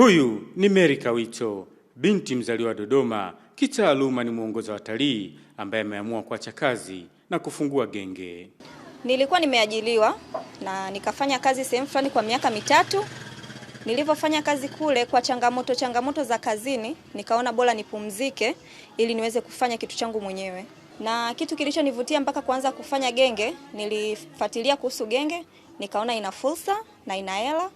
Huyu ni Mary Kawicho, binti mzaliwa Dodoma, kitaaluma ni mwongoza watalii ambaye ameamua kuacha kazi na kufungua genge. Nilikuwa nimeajiliwa na nikafanya kazi sehemu fulani kwa miaka mitatu. Nilivyofanya kazi kule, kwa changamoto changamoto za kazini, nikaona bora nipumzike ili niweze kufanya kitu changu mwenyewe, na kitu kilichonivutia mpaka kuanza kufanya genge, nilifuatilia kuhusu genge, nikaona ina fursa na ina hela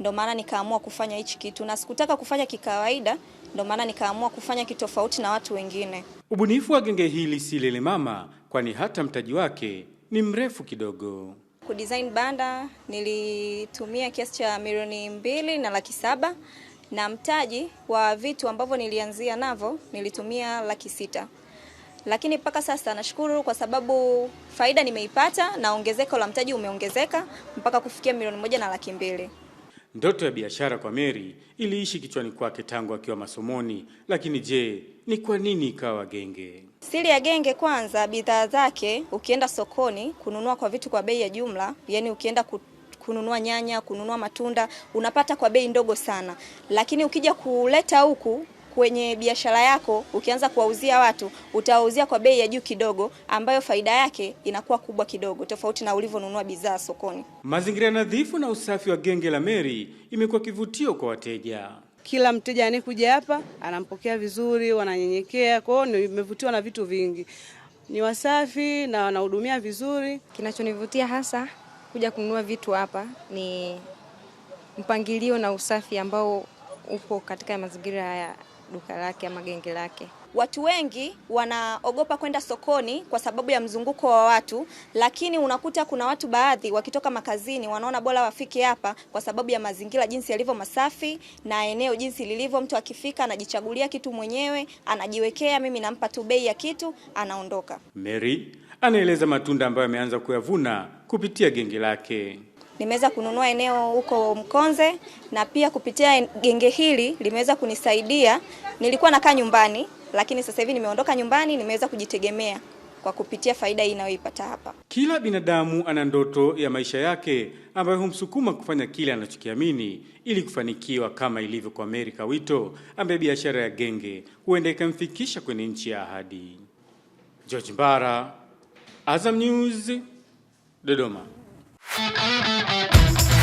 ndo maana nikaamua kufanya hichi kitu, na sikutaka kufanya kikawaida, ndo maana nikaamua kufanya kitofauti na watu wengine. Ubunifu wa genge hili si mama, kwani hata mtaji wake ni mrefu kidogo. Kudesign banda nilitumia kiasi cha milioni mbili na laki saba na mtaji wa vitu ambavyo nilianzia navyo nilitumia laki sita lakini mpaka sasa nashukuru kwa sababu faida nimeipata na ongezeko la mtaji umeongezeka mpaka kufikia milioni moja na laki mbili. Ndoto ya biashara kwa Mary iliishi kichwani kwake tangu akiwa masomoni, lakini je, ni kwa nini ikawa genge? Siri ya genge, kwanza bidhaa zake, ukienda sokoni kununua kwa vitu kwa bei ya jumla, yani ukienda ku kununua nyanya, kununua matunda unapata kwa bei ndogo sana, lakini ukija kuleta huku kwenye biashara yako ukianza kuwauzia watu utawauzia kwa bei ya juu kidogo, ambayo faida yake inakuwa kubwa kidogo, tofauti na ulivyonunua bidhaa sokoni. Mazingira nadhifu na usafi wa genge la Meri imekuwa kivutio kwa wateja. Kila mteja anayekuja hapa anampokea vizuri, wananyenyekea. Kwa hiyo nimevutiwa na vitu vingi, ni wasafi na wanahudumia vizuri. Kinachonivutia hasa kuja kununua vitu hapa ni mpangilio na usafi ambao upo katika mazingira haya duka lake ama genge lake. Watu wengi wanaogopa kwenda sokoni kwa sababu ya mzunguko wa watu, lakini unakuta kuna watu baadhi wakitoka makazini wanaona bora wafike hapa kwa sababu ya mazingira jinsi yalivyo masafi na eneo jinsi lilivyo. Mtu akifika anajichagulia kitu mwenyewe, anajiwekea, mimi nampa tu bei ya kitu, anaondoka. Mary anaeleza matunda ambayo ameanza kuyavuna kupitia genge lake nimeweza kununua eneo huko Mkonze, na pia kupitia genge hili limeweza kunisaidia. Nilikuwa nakaa nyumbani, lakini sasa hivi nimeondoka nyumbani, nimeweza kujitegemea kwa kupitia faida hii inayoipata hapa. Kila binadamu ana ndoto ya maisha yake ambayo humsukuma kufanya kile anachokiamini ili kufanikiwa, kama ilivyo kwa Mary Kawito ambaye biashara ya genge huenda ikamfikisha kwenye nchi ya ahadi. George Mbara, Azam News, Dodoma. Thank you.